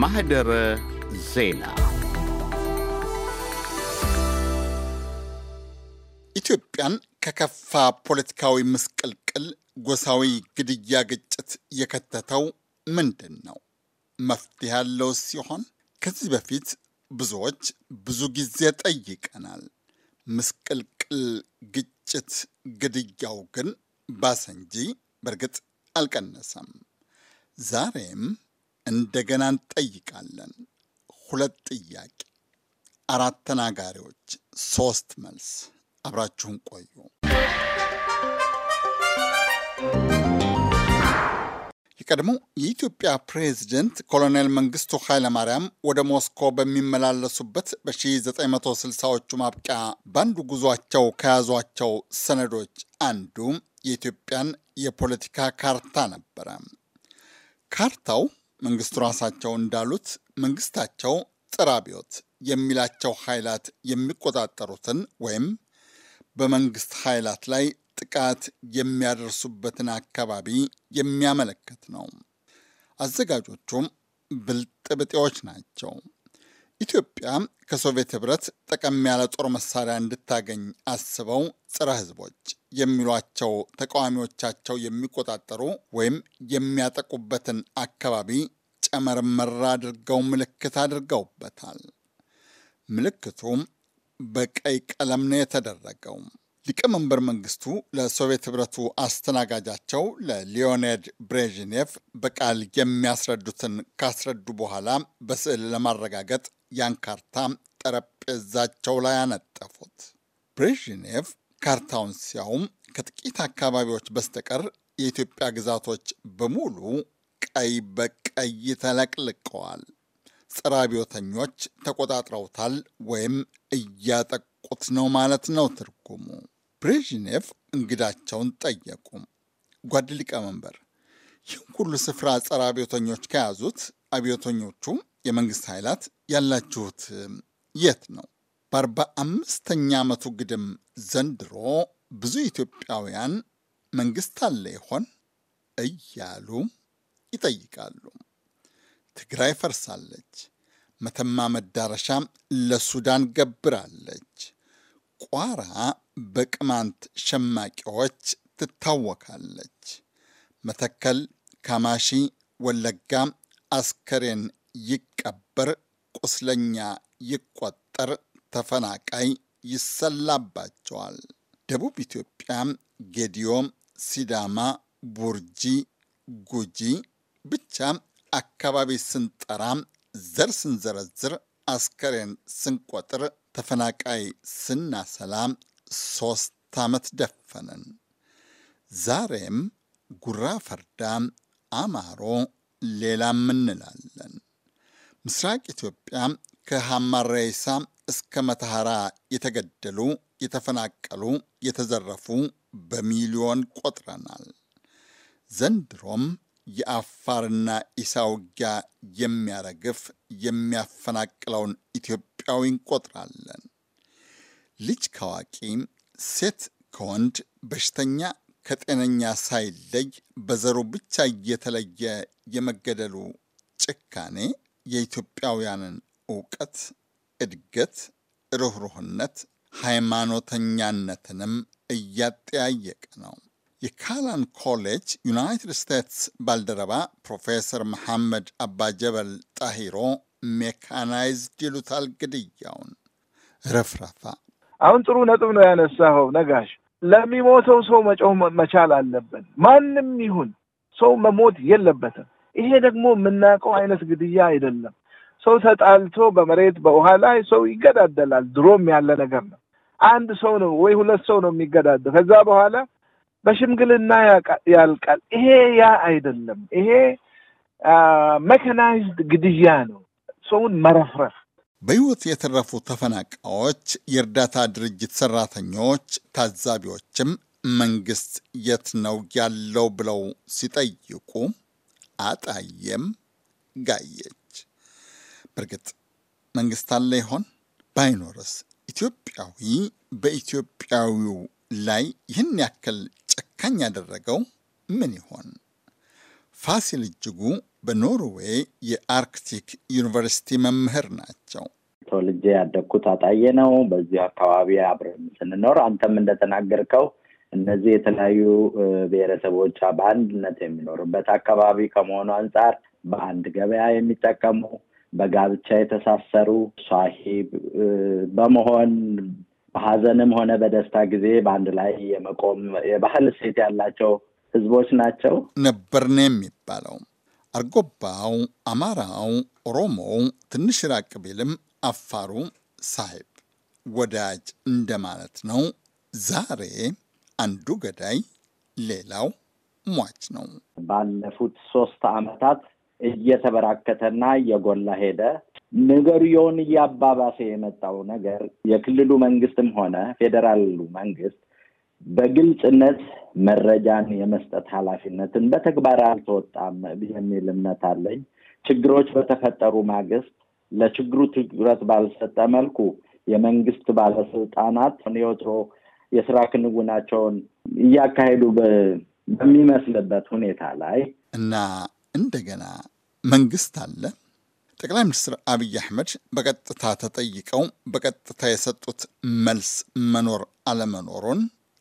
ማህደረ ዜና ኢትዮጵያን ከከፋ ፖለቲካዊ ምስቅልቅል፣ ጎሳዊ ግድያ፣ ግጭት የከተተው ምንድን ነው? መፍትሄ ያለው ሲሆን ከዚህ በፊት ብዙዎች ብዙ ጊዜ ጠይቀናል። ምስቅልቅል፣ ግጭት፣ ግድያው ግን ባሰ እንጂ በእርግጥ አልቀነሰም። ዛሬም እንደገና እንጠይቃለን። ሁለት ጥያቄ፣ አራት ተናጋሪዎች፣ ሶስት መልስ። አብራችሁን ቆዩ። የቀድሞ የኢትዮጵያ ፕሬዚደንት ኮሎኔል መንግስቱ ኃይለማርያም ወደ ሞስኮ በሚመላለሱበት በ1960ዎቹ ማብቂያ በአንዱ ጉዟቸው ከያዟቸው ሰነዶች አንዱ የኢትዮጵያን የፖለቲካ ካርታ ነበረ። ካርታው መንግስቱ ራሳቸው እንዳሉት መንግስታቸው ጥራ አብዮት የሚላቸው ኃይላት የሚቆጣጠሩትን ወይም በመንግስት ኃይላት ላይ ጥቃት የሚያደርሱበትን አካባቢ የሚያመለክት ነው። አዘጋጆቹም ብልጥ ብጤዎች ናቸው። ኢትዮጵያ ከሶቪየት ህብረት ጠቀም ያለ ጦር መሳሪያ እንድታገኝ አስበው ጸረ ህዝቦች የሚሏቸው ተቃዋሚዎቻቸው የሚቆጣጠሩ ወይም የሚያጠቁበትን አካባቢ ጨመርመር አድርገው ምልክት አድርገውበታል። ምልክቱም በቀይ ቀለም ነው የተደረገው። ሊቀመንበር መንግስቱ ለሶቪየት ህብረቱ አስተናጋጃቸው ለሊዮኔድ ብሬዥኔቭ በቃል የሚያስረዱትን ካስረዱ በኋላ በስዕል ለማረጋገጥ ያን ካርታ ጠረጴዛቸው ላይ አነጠፉት። ብሬዥኔቭ ካርታውን ሲያውም ከጥቂት አካባቢዎች በስተቀር የኢትዮጵያ ግዛቶች በሙሉ ቀይ በቀይ ተለቅልቀዋል። ጸረ አብዮተኞች ተቆጣጥረውታል ወይም እያጠቁት ነው ማለት ነው ትርጉሙ። ብሬዥኔቭ እንግዳቸውን ጠየቁ። ጓድ ሊቀመንበር፣ ይህን ሁሉ ስፍራ ጸረ አብዮተኞች ከያዙት አብዮተኞቹ የመንግስት ኃይላት ያላችሁት የት ነው? በአርባ አምስተኛ ዓመቱ ግድም ዘንድሮ ብዙ ኢትዮጵያውያን መንግስት አለ ይሆን እያሉ ይጠይቃሉ። ትግራይ ፈርሳለች፣ መተማ መዳረሻ ለሱዳን ገብራለች፣ ቋራ በቅማንት ሸማቂዎች ትታወካለች፣ መተከል፣ ካማሺ፣ ወለጋ አስከሬን ይቀበር፣ ቁስለኛ ይቆጠር፣ ተፈናቃይ ይሰላባቸዋል። ደቡብ ኢትዮጵያ ጌዲዮ፣ ሲዳማ፣ ቡርጂ፣ ጉጂ ብቻ አካባቢ ስንጠራ ዘር ስንዘረዝር አስከሬን ስንቆጥር ተፈናቃይ ስናሰላ ሶስት ዓመት ደፈንን። ዛሬም ጉራ ፈርዳ፣ አማሮ ሌላም እንላለን። ምስራቅ ኢትዮጵያ ከሐማሬሳ እስከ መተሐራ የተገደሉ፣ የተፈናቀሉ፣ የተዘረፉ በሚሊዮን ቆጥረናል። ዘንድሮም የአፋርና ኢሳ ውጊያ የሚያረግፍ የሚያፈናቅለውን ኢትዮጵያዊ እንቆጥራለን። ልጅ ከአዋቂ፣ ሴት ከወንድ፣ በሽተኛ ከጤነኛ ሳይለይ በዘሩ ብቻ እየተለየ የመገደሉ ጭካኔ የኢትዮጵያውያንን እውቀት፣ እድገት፣ ርኅሩህነት፣ ሃይማኖተኛነትንም እያጠያየቀ ነው። የካላን ኮሌጅ ዩናይትድ ስቴትስ ባልደረባ ፕሮፌሰር መሐመድ አባጀበል ጣሂሮ ሜካናይዝድ ይሉታል ግድያውን ረፍራፋ። አሁን ጥሩ ነጥብ ነው ያነሳኸው ነጋሽ። ለሚሞተው ሰው መጮህ መቻል አለብን። ማንም ይሁን ሰው መሞት የለበትም። ይሄ ደግሞ የምናውቀው አይነት ግድያ አይደለም። ሰው ተጣልቶ በመሬት በውሃ ላይ ሰው ይገዳደላል። ድሮም ያለ ነገር ነው። አንድ ሰው ነው ወይ ሁለት ሰው ነው የሚገዳደል። ከዛ በኋላ በሽምግልና ያልቃል። ይሄ ያ አይደለም። ይሄ መካናይዝድ ግድያ ነው፣ ሰውን መረፍረፍ። በሕይወት የተረፉ ተፈናቃዮች፣ የእርዳታ ድርጅት ሰራተኞች፣ ታዛቢዎችም መንግስት የት ነው ያለው ብለው ሲጠይቁ አጣየም ጋየች። በእርግጥ መንግስት አለ ይሆን? ባይኖርስ ኢትዮጵያዊ በኢትዮጵያዊው ላይ ይህን ያክል ጨካኝ ያደረገው ምን ይሆን? ፋሲል እጅጉ በኖርዌይ የአርክቲክ ዩኒቨርሲቲ መምህር ናቸው። ተወልጄ ያደግኩት አጣዬ ነው። በዚሁ አካባቢ አብረን ስንኖር አንተም እንደተናገርከው እነዚህ የተለያዩ ብሔረሰቦች በአንድነት የሚኖሩበት አካባቢ ከመሆኑ አንጻር በአንድ ገበያ የሚጠቀሙ በጋብቻ የተሳሰሩ ሷሂብ በመሆን በሀዘንም ሆነ በደስታ ጊዜ በአንድ ላይ የመቆም የባህል እሴት ያላቸው ህዝቦች ናቸው ነበርን የሚባለው። አርጎባው፣ አማራው፣ ኦሮሞው ትንሽ ራቅ ቢልም አፋሩ ሳሂብ ወዳጅ እንደማለት ነው ዛሬ አንዱ ገዳይ ሌላው ሟች ነው። ባለፉት ሶስት ዓመታት እየተበራከተና እየጎላ ሄደ። ነገሩን እያባባሰ የመጣው ነገር የክልሉ መንግስትም ሆነ ፌዴራሉ መንግስት በግልጽነት መረጃን የመስጠት ኃላፊነትን በተግባር አልተወጣም የሚል እምነት አለኝ። ችግሮች በተፈጠሩ ማግስት ለችግሩ ትኩረት ባልሰጠ መልኩ የመንግስት ባለስልጣናት የወትሮ የስራ ክንውናቸውን እያካሄዱ በሚመስልበት ሁኔታ ላይ እና እንደገና መንግስት አለ። ጠቅላይ ሚኒስትር አብይ አህመድ በቀጥታ ተጠይቀው በቀጥታ የሰጡት መልስ መኖር አለመኖሩን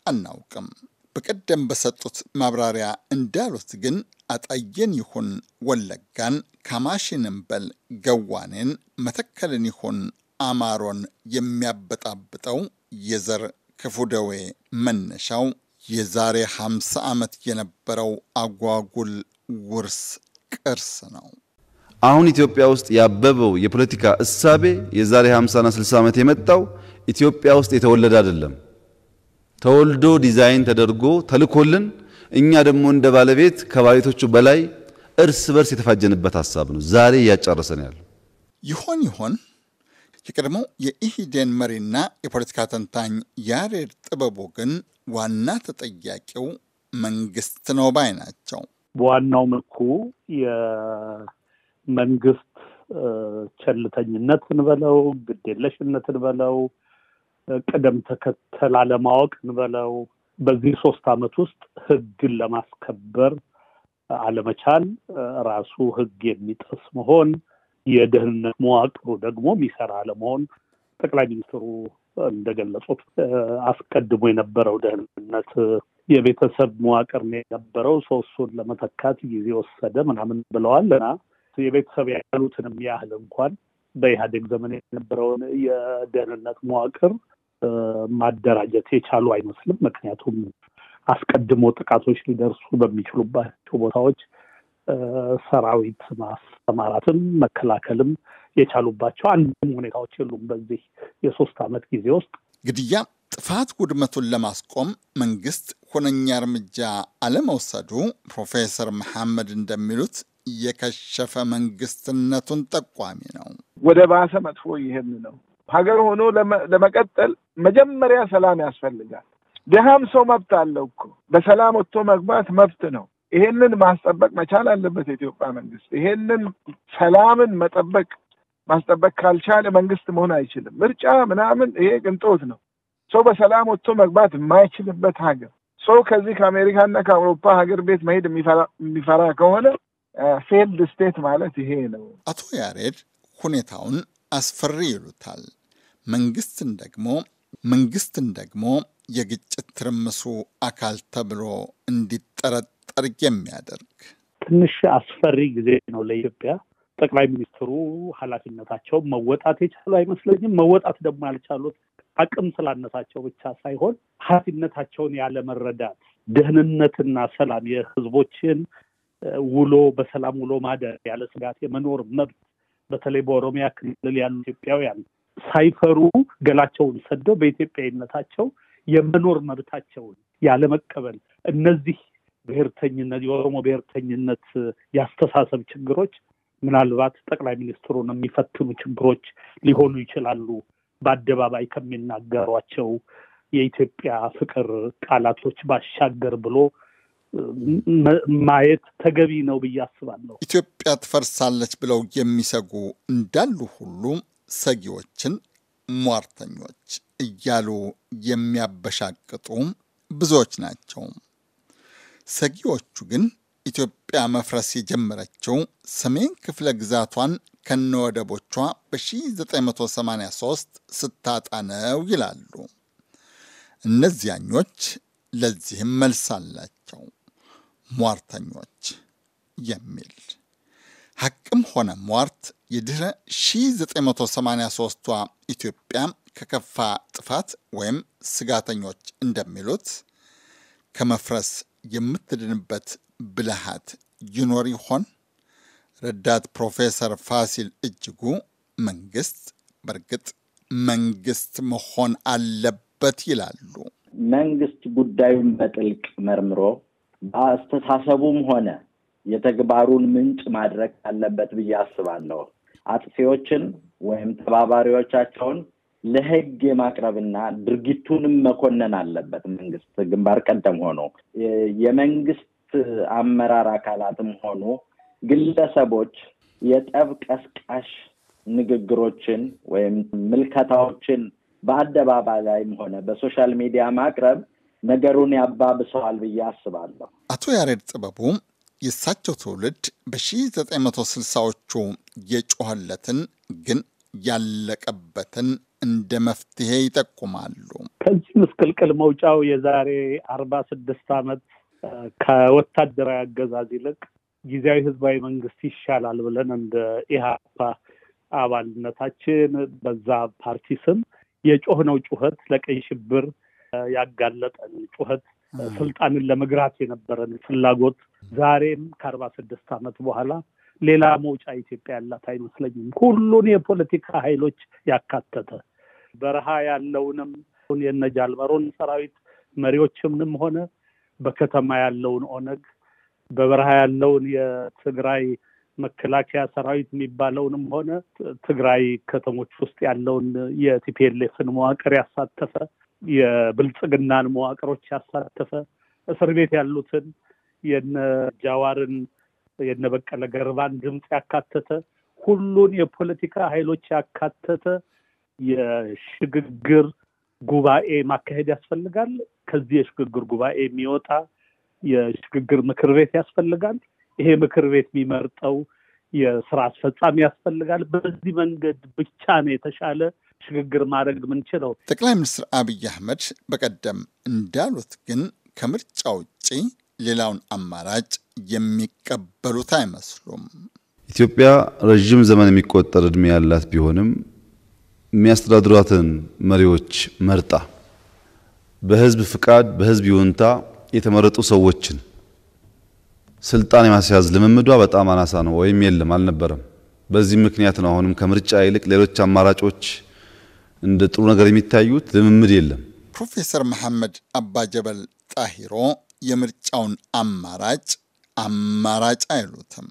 አናውቅም። በቀደም በሰጡት ማብራሪያ እንዳሉት ግን አጣየን ይሁን ወለጋን፣ ካማሽንም በል ገዋኔን፣ መተከልን ይሁን አማሮን የሚያበጣብጠው የዘር ክፉ ደዌ መነሻው የዛሬ 50 ዓመት የነበረው አጓጉል ውርስ ቅርስ ነው። አሁን ኢትዮጵያ ውስጥ ያበበው የፖለቲካ እሳቤ የዛሬ 50ና 60 ዓመት የመጣው ኢትዮጵያ ውስጥ የተወለደ አይደለም። ተወልዶ ዲዛይን ተደርጎ ተልኮልን እኛ ደግሞ እንደ ባለቤት ከባለቤቶቹ በላይ እርስ በርስ የተፋጀንበት ሀሳብ ነው ዛሬ እያጨረሰን ያለው ይሆን ይሆን? የቀድሞው የኢሂደን መሪና የፖለቲካ ተንታኝ ያሬድ ጥበቡ ግን ዋና ተጠያቂው መንግስት ነው ባይ ናቸው። በዋናው መልኩ የመንግስት ቸልተኝነት እንበለው፣ ግዴለሽነት እንበለው፣ ቅደም ተከተል አለማወቅ እንበለው በዚህ ሶስት ዓመት ውስጥ ህግን ለማስከበር አለመቻል፣ ራሱ ህግ የሚጥስ መሆን የደህንነት መዋቅሩ ደግሞ የሚሰራ ለመሆን ጠቅላይ ሚኒስትሩ እንደገለጹት አስቀድሞ የነበረው ደህንነት የቤተሰብ መዋቅር ነው የነበረው። ሶስቱን ለመተካት ጊዜ ወሰደ ምናምን ብለዋል እና የቤተሰብ ያሉትንም ያህል እንኳን በኢህአዴግ ዘመን የነበረውን የደህንነት መዋቅር ማደራጀት የቻሉ አይመስልም። ምክንያቱም አስቀድሞ ጥቃቶች ሊደርሱ በሚችሉባቸው ቦታዎች ሰራዊት ማስተማራትም መከላከልም የቻሉባቸው አንድም ሁኔታዎች የሉም። በዚህ የሶስት ዓመት ጊዜ ውስጥ ግድያ፣ ጥፋት፣ ውድመቱን ለማስቆም መንግስት ሁነኛ እርምጃ አለመውሰዱ ፕሮፌሰር መሐመድ እንደሚሉት የከሸፈ መንግስትነቱን ጠቋሚ ነው። ወደ ባሰ መጥፎ ይህን ነው። ሀገር ሆኖ ለመቀጠል መጀመሪያ ሰላም ያስፈልጋል። ድሃም ሰው መብት አለው እኮ በሰላም ወጥቶ መግባት መብት ነው። ይሄንን ማስጠበቅ መቻል አለበት የኢትዮጵያ መንግስት። ይሄንን ሰላምን መጠበቅ ማስጠበቅ ካልቻለ መንግስት መሆን አይችልም። ምርጫ ምናምን ይሄ ቅንጦት ነው። ሰው በሰላም ወጥቶ መግባት የማይችልበት ሀገር፣ ሰው ከዚህ ከአሜሪካና ከአውሮፓ ሀገር ቤት መሄድ የሚፈራ ከሆነ ፌልድ ስቴት ማለት ይሄ ነው። አቶ ያሬድ ሁኔታውን አስፈሪ ይሉታል። መንግስትን ደግሞ መንግስትን ደግሞ የግጭት ትርምሱ አካል ተብሎ እንዲጠረጥ እንዲፈጠር የሚያደርግ ትንሽ አስፈሪ ጊዜ ነው ለኢትዮጵያ። ጠቅላይ ሚኒስትሩ ኃላፊነታቸውን መወጣት የቻሉ አይመስለኝም። መወጣት ደግሞ ያልቻሉት አቅም ስላነሳቸው ብቻ ሳይሆን ኃላፊነታቸውን ያለመረዳት፣ ደህንነትና ሰላም የህዝቦችን ውሎ በሰላም ውሎ ማደር ያለ ስጋት የመኖር መብት በተለይ በኦሮሚያ ክልል ያሉ ኢትዮጵያውያን ሳይፈሩ ገላቸውን ሰደው በኢትዮጵያዊነታቸው የመኖር መብታቸውን ያለመቀበል እነዚህ ብሔርተኝነት የኦሮሞ ብሔርተኝነት ያስተሳሰብ ችግሮች ምናልባት ጠቅላይ ሚኒስትሩን የሚፈትኑ ችግሮች ሊሆኑ ይችላሉ በአደባባይ ከሚናገሯቸው የኢትዮጵያ ፍቅር ቃላቶች ባሻገር ብሎ ማየት ተገቢ ነው ብዬ አስባለሁ። ኢትዮጵያ ትፈርሳለች ብለው የሚሰጉ እንዳሉ ሁሉ ሰጊዎችን ሟርተኞች እያሉ የሚያበሻቅጡ ብዙዎች ናቸው። ሰጊዎቹ ግን ኢትዮጵያ መፍረስ የጀመረችው ሰሜን ክፍለ ግዛቷን ከነወደቦቿ በ1983 ስታጣ ነው ይላሉ። እነዚያኞች ለዚህም መልስ አላቸው። ሟርተኞች የሚል ሐቅም ሆነ ሟርት የድህረ 1983ቷ ኢትዮጵያ ከከፋ ጥፋት ወይም ስጋተኞች እንደሚሉት ከመፍረስ የምትድንበት ብልሃት ይኖር ይሆን? ረዳት ፕሮፌሰር ፋሲል እጅጉ መንግስት በእርግጥ መንግስት መሆን አለበት ይላሉ። መንግስት ጉዳዩን በጥልቅ መርምሮ በአስተሳሰቡም ሆነ የተግባሩን ምንጭ ማድረግ አለበት ብዬ አስባለሁ። አጥፊዎችን ወይም ተባባሪዎቻቸውን ለህግ የማቅረብና ድርጊቱንም መኮነን አለበት መንግስት ግንባር ቀደም ሆኖ የመንግስት አመራር አካላትም ሆኑ ግለሰቦች የጠብ ቀስቃሽ ንግግሮችን ወይም ምልከታዎችን በአደባባይ ላይም ሆነ በሶሻል ሚዲያ ማቅረብ ነገሩን ያባብሰዋል ብዬ አስባለሁ። አቶ ያሬድ ጥበቡ የእሳቸው ትውልድ በ1960ዎቹ የጮኸለትን ግን ያለቀበትን እንደ መፍትሄ ይጠቁማሉ። ከዚህ ምስቅልቅል መውጫው የዛሬ አርባ ስድስት ዓመት ከወታደራዊ አገዛዝ ይልቅ ጊዜያዊ ህዝባዊ መንግስት ይሻላል ብለን እንደ ኢህአፓ አባልነታችን በዛ ፓርቲ ስም የጮህነው ጩኸት ለቀይ ሽብር ያጋለጠን ጩኸት ስልጣንን ለመግራት የነበረን ፍላጎት ዛሬም ከአርባ ስድስት ዓመት በኋላ ሌላ መውጫ ኢትዮጵያ ያላት አይመስለኝም። ሁሉን የፖለቲካ ኃይሎች ያካተተ በረሃ ያለውንም የነ ጃልመሮን ሰራዊት መሪዎችምንም ሆነ በከተማ ያለውን ኦነግ በበረሃ ያለውን የትግራይ መከላከያ ሰራዊት የሚባለውንም ሆነ ትግራይ ከተሞች ውስጥ ያለውን የቲፒኤልኤፍን መዋቅር ያሳተፈ የብልጽግናን መዋቅሮች ያሳተፈ እስር ቤት ያሉትን የነ ጃዋርን የነ በቀለ ገርባን ድምፅ ያካተተ ሁሉን የፖለቲካ ኃይሎች ያካተተ የሽግግር ጉባኤ ማካሄድ ያስፈልጋል። ከዚህ የሽግግር ጉባኤ የሚወጣ የሽግግር ምክር ቤት ያስፈልጋል። ይሄ ምክር ቤት የሚመርጠው የስራ አስፈጻሚ ያስፈልጋል። በዚህ መንገድ ብቻ ነው የተሻለ ሽግግር ማድረግ የምንችለው። ጠቅላይ ሚኒስትር አብይ አህመድ በቀደም እንዳሉት ግን ከምርጫ ውጪ ሌላውን አማራጭ የሚቀበሉት አይመስሉም። ኢትዮጵያ ረዥም ዘመን የሚቆጠር እድሜ ያላት ቢሆንም የሚያስተዳድሯትን መሪዎች መርጣ በህዝብ ፍቃድ በህዝብ ይሁንታ የተመረጡ ሰዎችን ስልጣን የማስያዝ ልምምዷ በጣም አናሳ ነው ወይም የለም አልነበረም። በዚህም ምክንያት ነው አሁንም ከምርጫ ይልቅ ሌሎች አማራጮች እንደ ጥሩ ነገር የሚታዩት ልምምድ የለም። ፕሮፌሰር መሐመድ አባ ጀበል ጣሂሮ የምርጫውን አማራጭ አማራጭ አይሉትም።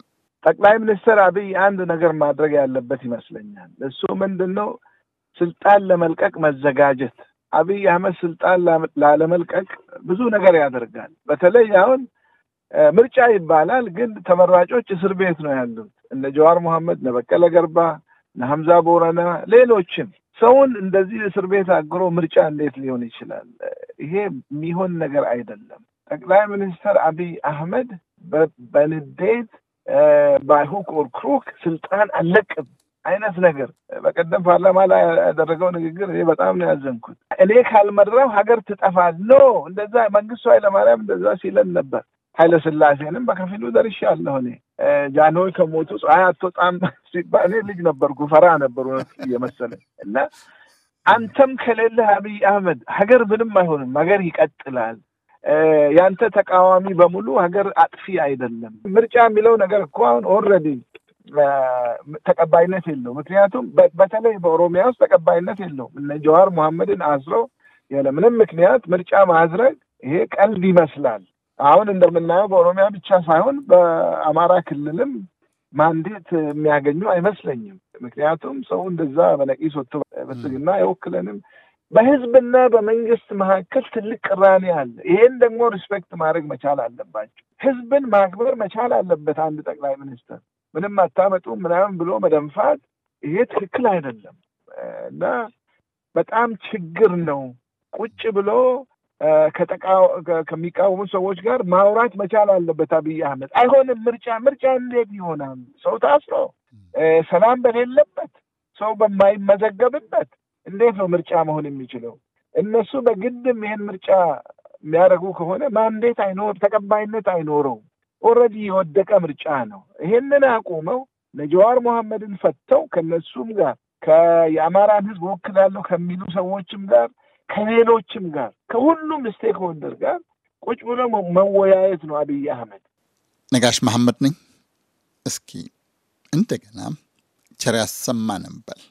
ጠቅላይ ሚኒስትር አብይ አንድ ነገር ማድረግ ያለበት ይመስለኛል። እሱ ምንድን ነው? ስልጣን ለመልቀቅ መዘጋጀት አብይ አህመድ ስልጣን ላለመልቀቅ ብዙ ነገር ያደርጋል። በተለይ አሁን ምርጫ ይባላል፣ ግን ተመራጮች እስር ቤት ነው ያሉት። እነ ጀዋር መሐመድ፣ እነ በቀለ ገርባ፣ እነ ቦረና፣ ሌሎችም ሰውን እንደዚህ እስር ቤት አግሮ ምርጫ እንዴት ሊሆን ይችላል? ይሄ የሚሆን ነገር አይደለም። ጠቅላይ ሚኒስትር አብይ አህመድ በንዴት ባይሁክ ኦር ክሩክ ስልጣን አለቅም። አይነት ነገር በቀደም ፓርላማ ላይ ያደረገው ንግግር እኔ በጣም ነው ያዘንኩት። እኔ ካልመራው ሀገር ትጠፋል። ኖ እንደዛ መንግስቱ ኃይለማርያም እንደዛ ሲለን ነበር። ኃይለ ስላሴንም በከፊሉ ደርሻለሁ። እኔ ጃንሆይ ከሞቱ ፀሐይ አትወጣም ሲባል እኔ ልጅ ነበርኩ፣ ፈራ ነበሩ የመሰለኝ እና አንተም ከሌለህ አብይ አህመድ ሀገር ምንም አይሆንም፣ ሀገር ይቀጥላል። ያንተ ተቃዋሚ በሙሉ ሀገር አጥፊ አይደለም። ምርጫ የሚለው ነገር እኮ አሁን ኦልሬዲ ተቀባይነት የለው። ምክንያቱም በተለይ በኦሮሚያ ውስጥ ተቀባይነት የለው እነ ጀዋር መሐመድን አስሮ ያለምንም ምክንያት ምርጫ ማድረግ ይሄ ቀልድ ይመስላል። አሁን እንደምናየው በኦሮሚያ ብቻ ሳይሆን በአማራ ክልልም ማንዴት የሚያገኙ አይመስለኝም። ምክንያቱም ሰው እንደዛ በነቂስ ወጥቶ ብልጽግና አይወክለንም። በህዝብና በመንግስት መካከል ትልቅ ቅራኔ አለ። ይሄን ደግሞ ሪስፔክት ማድረግ መቻል አለባቸው። ህዝብን ማክበር መቻል አለበት አንድ ጠቅላይ ሚኒስትር። ምንም አታመጡ ምናምን ብሎ መደንፋት ይሄ ትክክል አይደለም እና በጣም ችግር ነው። ቁጭ ብሎ ከሚቃወሙ ሰዎች ጋር ማውራት መቻል አለበት አብይ አህመድ። አይሆንም። ምርጫ ምርጫ እንዴት ይሆናል? ሰው ታስሮ ሰላም በሌለበት ሰው በማይመዘገብበት እንዴት ነው ምርጫ መሆን የሚችለው? እነሱ በግድም ይሄን ምርጫ የሚያደርጉ ከሆነ ማንዴት አይኖር ተቀባይነት አይኖረውም። ኦረዲ የወደቀ ምርጫ ነው። ይሄንን አቁመው ለጀዋር መሐመድን ፈተው ከነሱም ጋር የአማራን ህዝብ ወክላለሁ ከሚሉ ሰዎችም ጋር ከሌሎችም ጋር ከሁሉም ስቴክ ሆልደር ጋር ቁጭ ብሎ መወያየት ነው አብይ አህመድ። ነጋሽ መሐመድ ነኝ። እስኪ እንደገና ቸር ያሰማን እንበል።